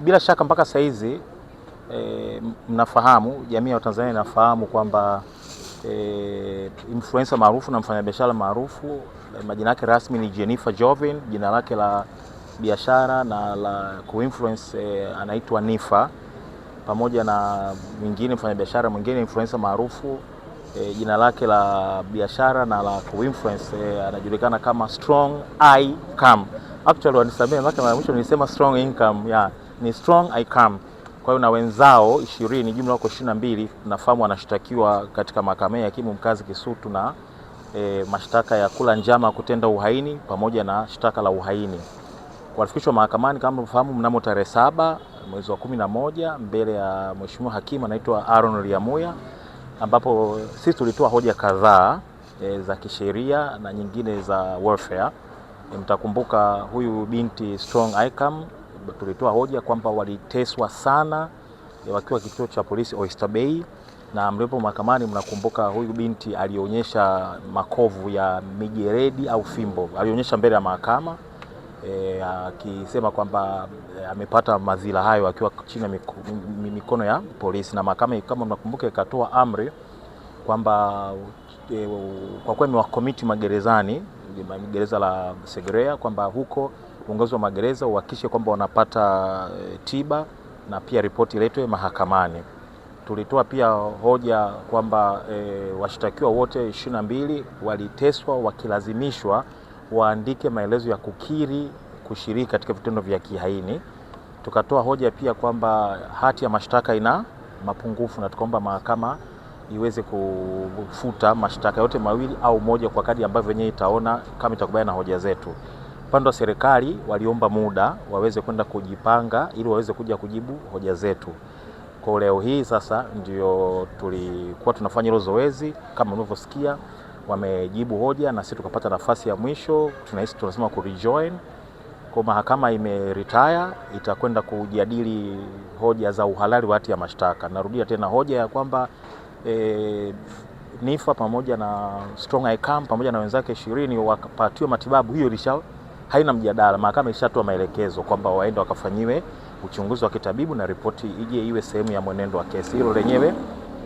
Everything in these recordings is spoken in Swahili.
bila shaka mpaka sasa hizi e, mnafahamu jamii ya Watanzania inafahamu kwamba e, influencer maarufu na mfanyabiashara maarufu majina yake rasmi ni Jennifer Jovin, jina lake la biashara na la kuinfluence e, anaitwa Nifa, pamoja na mwingine mfanyabiashara mwingine influencer maarufu e, jina lake la biashara na la kuinfluence e, anajulikana kama Strong Income. Actually wanisamehe, mara mwisho nilisema Strong Income yeah ni strong I come. Kwa hiyo na wenzao ishirini, jumla wako ishirini na mbili, nafahamu wanashtakiwa katika mahakama ya hakimu mkazi Kisutu na e, mashtaka ya kula njama kutenda uhaini pamoja na shtaka la uhaini. Walifikishwa mahakamani kama mfahamu mnamo tarehe saba mwezi wa kumi na moja mbele ya mheshimiwa hakimu anaitwa Aaron Lyamuya, ambapo sisi tulitoa hoja kadhaa e, za kisheria na nyingine za welfare. E, mtakumbuka huyu binti Strong Icam tulitoa hoja kwamba waliteswa sana wakiwa kituo cha polisi Oyster Bay, na mlipo mahakamani, mnakumbuka huyu binti alionyesha makovu ya mijeredi au fimbo, alionyesha mbele ya mahakama e, akisema kwamba e, amepata mazila hayo akiwa chini ya mikono ya polisi, na mahakama kama mnakumbuka ikatoa amri kwamba e, kwa kweli wakomiti magerezani gereza la Segerea kwamba huko viongozi wa magereza uhakikishe kwamba wanapata eh, tiba na pia ripoti iletwe mahakamani. Tulitoa pia hoja kwamba e, washtakiwa wote ishirini na mbili waliteswa wakilazimishwa waandike maelezo ya kukiri kushiriki katika vitendo vya kihaini. Tukatoa hoja pia kwamba hati ya mashtaka ina mapungufu na tukaomba mahakama iweze kufuta mashtaka yote mawili au moja kwa kadri ambavyo wenyewe itaona kama itakubaliana na hoja zetu upande wa serikali waliomba muda waweze kwenda kujipanga ili waweze kuja kujibu hoja zetu. Kwa leo hii sasa ndio tulikuwa tunafanya hilo zoezi, kama unavyosikia wamejibu hoja na sisi tukapata nafasi ya mwisho, tunahisi tunasema ku rejoin kwa mahakama ime retire, itakwenda kujadili hoja za uhalali wa hati ya mashtaka. Narudia tena hoja ya kwamba e, Niffer pamoja na Strong ICAM pamoja na wenzake ishirini wakapatiwa matibabu, hiyo ilisha haina mjadala. Mahakama ishatoa maelekezo kwamba waende wakafanyiwe uchunguzi wa kitabibu na ripoti ije iwe sehemu ya mwenendo wa kesi. Hilo lenyewe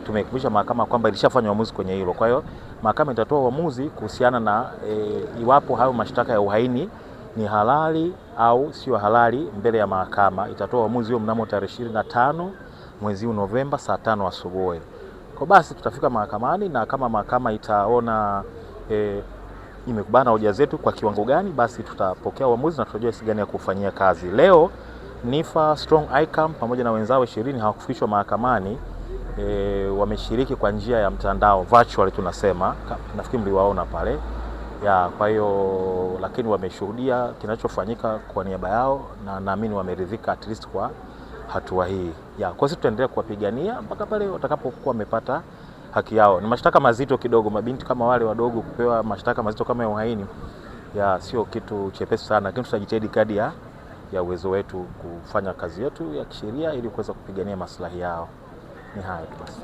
tumeikumbusha mahakama kwamba ilishafanya uamuzi kwenye hilo. Kwa hiyo mahakama itatoa uamuzi kuhusiana na e, iwapo hayo mashtaka ya uhaini ni halali au sio halali mbele ya mahakama. Itatoa uamuzi huo mnamo tarehe 25 mwezi huu Novemba saa tano asubuhi. Kwa basi tutafika mahakamani na kama mahakama itaona e, imekubana hoja zetu kwa kiwango gani, basi tutapokea uamuzi na tutajua jinsi gani ya kufanyia kazi. Leo Nifa Strong ICAM pamoja na wenzao ishirini hawakufikishwa mahakamani e, wameshiriki kwa njia ya mtandao virtual, tunasema nafikiri mliwaona pale ya. Kwa hiyo lakini wameshuhudia kinachofanyika kwa niaba yao na naamini wameridhika at least kwa hatua hii ya. Kwa sisi tutaendelea kuwapigania mpaka pale watakapokuwa wamepata haki yao. Ni mashtaka mazito kidogo, mabinti kama wale wadogo kupewa mashtaka mazito kama ya uhaini ya sio kitu chepesi sana, lakini tutajitahidi kadi ya ya uwezo wetu kufanya kazi yetu ya kisheria ili kuweza kupigania maslahi yao. Ni hayo tu basi.